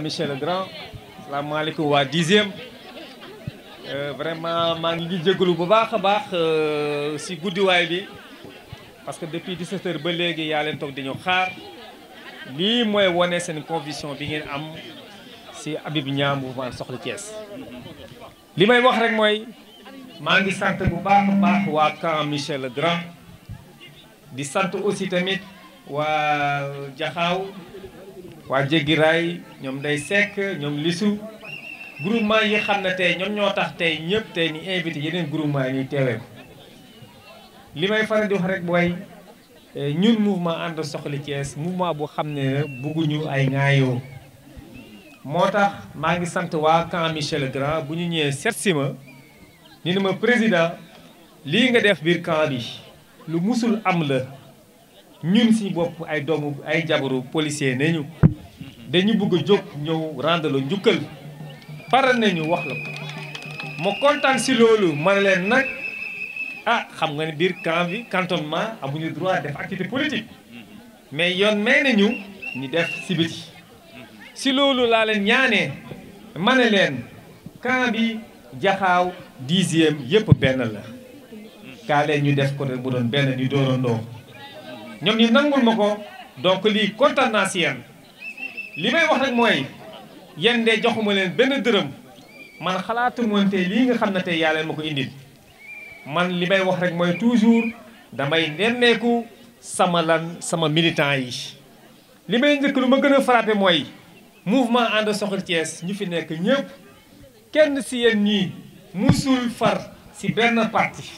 Michel Legrand salaamaaleykum waa dixième euh, vraiment maa ngi jégalu bu baax a baax euh, si guddiwaay bi parce que depuis 17 heures ba léegi yaa leen toog dañu xaar lii mooy wane seen conviction bi ngeen am si Habib Niang mouvement Soxla Thiès li may wax rek mooy maa ngi sant bu baax a baax waa camp Michel Legrand di sant aussi tamit waa Jaxaaw waa jéggi raay ñoom day sekk ñoom lisu groupement yi xam na tey ñoom ñoo tax tey ñëpp tey ñu invité yeneen groupement yi ñuy teewee li may faral di rek mooy eh, ñun mouvement ànd soxali Thiès mouvement bu xam ne bugguñu ay ŋaayoo moo tax maa ngi sant waa camp Michel Grand bu ñu ñëwee seet si ma ni ma président lii nga def biir camp bi lu musul am la ñun si bopp ay doomu ay jabaru policier nañu dañu bëgg a jóg ñëw rendre la njukkal pare nañu wax la ko ma kontaan si loolu ma ne leen nag ah xam nga ne biir camp bi cantonnement amuñu droit def activité politique mais yoon may nañu ñu def si biti si loolu laa leen ñaanee ma ne leen camp bi jaxaaw dixième yëpp benn la kaa leen ñu def ko bu doon benn ñu doorandoo ñoom ñu nangul ma ko donc lii kontaan naa si yéen li may wax rek mooy yéen de joxuma leen benn dërëm man xalaatu moon tey lii nga xam ne tey yàlla ma ko indil man li may wax rek mooy toujours damay nemmeeku sama lan sama militant yi li may njëkk lu ma gën a frappé mooy mouvement ànd soxal Thiès ñu fi nekk ñëpp kenn si yéen ñii suul far si benn parti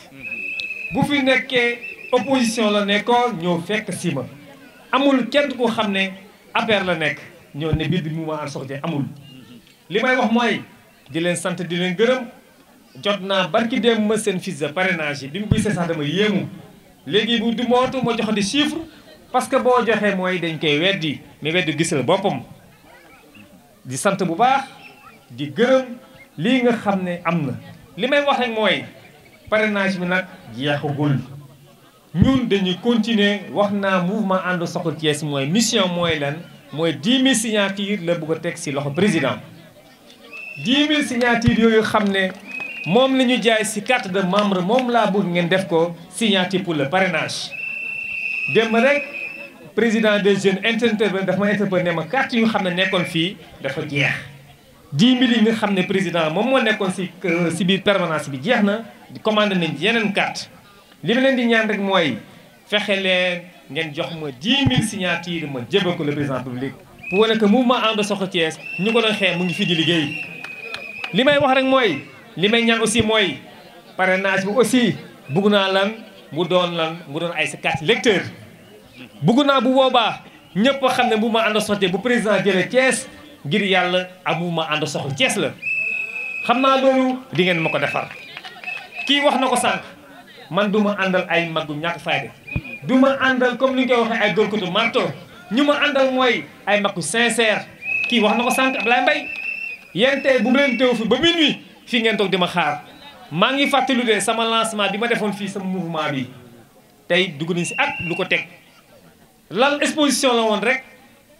bu fi nekkee opposition la nekkoon ñëw fekk si ma amul kenn ku xam ne affaire la nekk ñoo ne biir bi mu ma soxje amul li may wax mooy di leen sant di leen gërëm jot naa barki dem ma seen fiche de parrainage yi bi mu gisee sax dama yéemu léegi bu du mootu ma joxandi chiffre parce que boo joxee mooy dañ koy weddi mais weddi gisal boppam di sant bu baax di gërëm lii nga xam ne am na li may wax rek mooy parrainage bi nag jeexagul ñun dañuy continuer wax naa mouvement ànd soxla Thiès mooy mission mooy leen mooy 10 000 signatures la bugg a teg ci loxo président 10 000 yooyu xam ne moom la ñu jaay ci carte de membre moom laa bëgg ngeen def ko signature pour le parrainage démb rek président des jeunes intervenant dafa ma interpellé ma carte yu xam ne nekkoon fii dafa jeex 10 000 yi nga xam ne président moom moo nekkoon ci euh, ci biir permanence bi jeex na commandé nañ yeneen carte li ma leen di ñaan rek mooy fexe leen ngeen jox ma 10 000 signatures ma jébal ko le président public pour wane que ma ànd Soxla Thiès ñu ko doon xeex mu ngi fi di liggéey li may wax rek mooy li may ñaan aussi mooy parrainage bi aussi bugg naa lan mu doon lan mu doon ay sa carte électeur bugg naa bu boobaa ñëpp xam ne ma ànd Soxla Thiès bu président jëlee Thiès ngir yàlla ak ma ànd Soxla Thiès la xam naa loolu di ngeen ma ko defar kii wax na ko sànq man duma àndal ay mag bu ñàkk fayda du ma àndal comme ni ñu koy waxee ay góorkatu marto ñu ma àndal mooy ay makku sincère kii wax na ko sànq Ablaye Mbaye yéen tey bu mu leen teew fi ba minuit fii ngeen toog di ma xaar maa ngi fàttali sama lancement bi ma defoon fii sama mouvement bi tey dugg nañ si at lu ko teg lan exposition la woon rek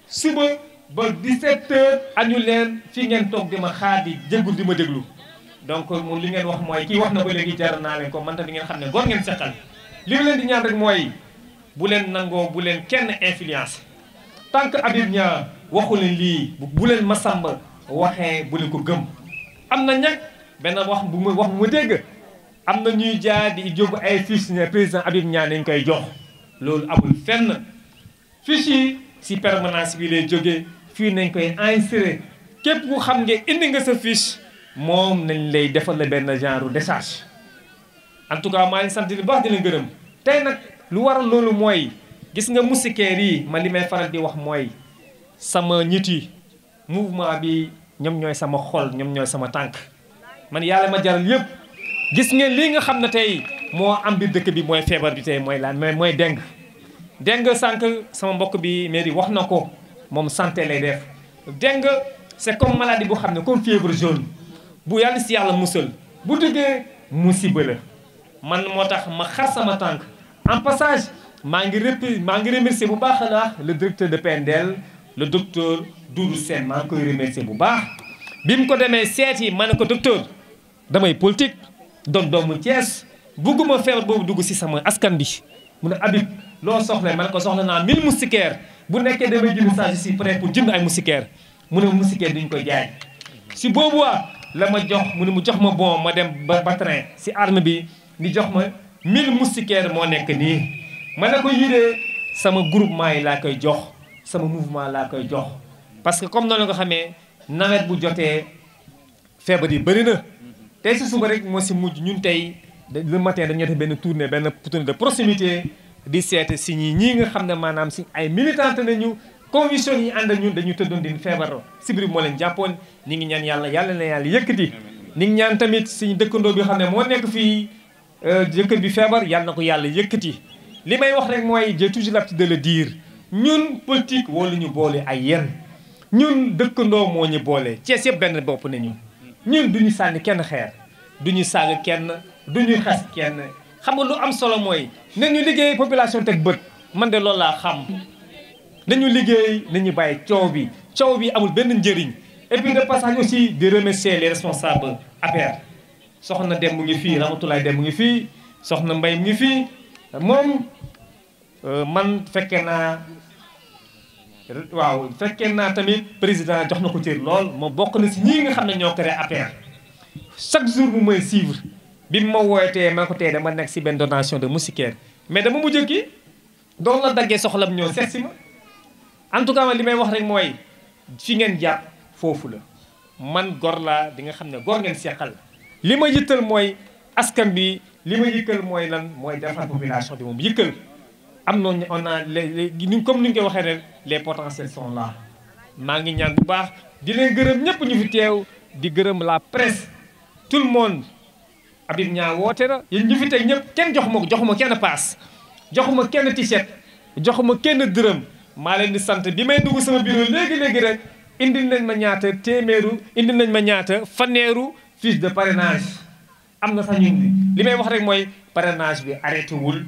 suba ba 17 heures añu leen fii ngeen toog di ma xaar di jégul di ma déglu donc moom li ngeen wax mooy kii wax na ba léegi jar naa leen ko man tamit ngeen xam ne góor ngeen seqal li ma leen di ñaan rek mooy bu leen nangoo bu leen kenn influence tant que Habib Niang waxu leen lii bu leen Massamba waxee bu leen ko gëm am na ñag benn wax bu mu wax bu ma dégg am na ñuy jaar di jóg ay fiches président Habib ñaar nañ koy jox loolu amul fenn fiche yi si permanence bi lay jóge fii nañ koy insérer képp ku xam nga indi nga sa fiche moom nañ lay defal la benn genre décharge en tout cas maa ngi sant di baax gërëm tey nag lu waral loolu mooy gis nga musikeer yi ma li may faral di wax mooy sama ñit yi mouvement bi ñoom ñooy sama xol ñoom ñooy sama tànk man yàlla ma jaral yëpp gis ngeen lii nga xam ne tey moo am biir dëkk bi mooy feebar bi tey mooy laan mooy deng deng sànq sama mbokk bi mairie wax na ko moom santé lay def deng c'est comme maladie bu xam ne comme fièvre jaune bu yàlla si yàlla musal bu dëggee musiba la man moo tax ma xar sama tànk en passage maa ngi rep maa ngi remercier bu baax a la le directeur de PNDL le docteur Doudou Sène maa ngi koy remercier bu baax bi mu ko demee seet yi ma ne ko docteur damay politique doon doomu Thiès bugguma feebar boobu dugg si sama askan bi mu ne Habib loo soxla ma ne ko soxla naa 1000 moustiquaires bu nekkee damay jënd saa je suis prêt pour jënd ay moustiquaires mu ne moustiquaire duñ koy jaay si boobu waa la ma jox mu ne mu jox ma bon ma dem ba train si arme bi ni jox ma. mille moustiquaires moo nekk nii ma ne ko yidee sama groupement yi laa koy jox sama mouvement laa koy jox parce que comme noonu nga xamee nawet bu jotee feebar yi bëri na tey si suba rek moo si mujj ñun tey le matin dañuy def benn tournée benn tournée de proximité di seet si ñi ñii nga xam ne maanaam si ay militante nañu conviction yi ànd ak ñun dañu tëddoon di feebar sibiri moo leen jàppoon ñi ngi ñaan yàlla yàlla na yàlla yëkkati ñi ngi ñaan tamit Euh, jëkkër bi feebar yàlla na ko yàlla yëkkati li may wax rek mooy j'ai toujours l'habitude de le dire ñun politique lu ñu boole ay yéen ñun dëkkandoo moo ñu boole Cees yëpp benn bopp nañu ñun du ñu sànni kenn xeer du ñu saaga kenn du ñu xas kenn xam nga lu am solo mooy nañu liggéey population teg bët man de loolu laa xam nañu liggéey nañu bàyyi coow bi coow bi amul benn njëriñ et puis de passage aussi di remercier les responsables APR. soxna dem mu ngi fii Ramatulaay dem mu ngi fii soxna mbay mu ngi fii moom euh, man fekke naa waaw fekkee naa tamit président jox na ko cër lool moom bokk na si ñi nga xam ne ñoo créé APR chaque jour bu may suivre bi ma wootee ma ko tey dama nekk si benn donation de moustiquaire mais dama mujj ki doon la daggee soxlam ñëw seet si ma en tout cas li may wax rek mooy fi ngeen jàpp foofu la man gor laa di nga xam ne gor ngeen seqal li ma yittal mooy askan bi li ma yittal mooy lan mooy defar population bi moom yittal am na on a les ni comme ni ñu koy waxee rek les potentiels sont là maa ngi ñaan bu baax di leen gërëm ñëpp ñu fi teew di gërëm la presse tout le monde Habib Niang woote na yéen ñu fi te ñëpp kenn joxuma ko joxuma kenn paas joxuma kenn t-shirt joxuma kenn dërëm maa leen di sant bi may dugg sama bureau léegi-léegi rek indi nañ ma ñaata téeméeru indi nañ ma ñaata faneeru fiche de parrainage am na sax ñu ngi li may wax rek mooy parenage bi arrêté wul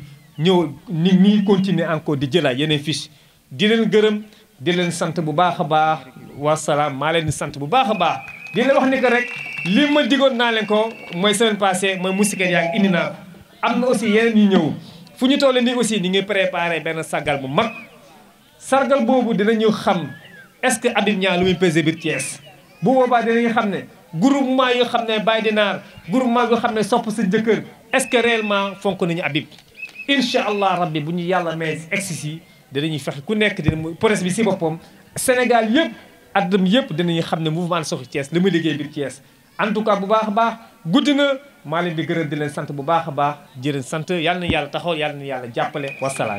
ñëw ni ñi continuer encore di jëlaat yeneen fiche di leen gërëm di leen sant bu baax a baax wasalaam maa leen di sant bu baax a baax di leen wax ni que rek li ma digoon naa leen ko mooy semaine passée mooy moustiquaire yaa ngi indi naa am na aussi yeneen ñu ñëw fu ñu toll ni aussi ni ngi préparé benn sargal bu mag sargal boobu dina dinañu xam est-ce que Habib Niang lu muy pesé biir Thiès bu xam ne groupement yoo xam ne bàyyi dinaar groupement yoo xam ne sopp sa jëkkër est-ce que réellement fonk nañu Habib incha allah rabbi bu ñu yàlla may egsi si danañuy fexe ku nekk dina mu presse bi si boppam Sénégal yëpp addam yëpp danañu xam ne mouvement Soxi cees li muy liggéey biir Thiès en tout cas bu baax a baax guddi na maa bi di di leen sant bu baax a baax jërën sant yàlla na yàlla taxaw yàlla na yàlla jàppale wasalaam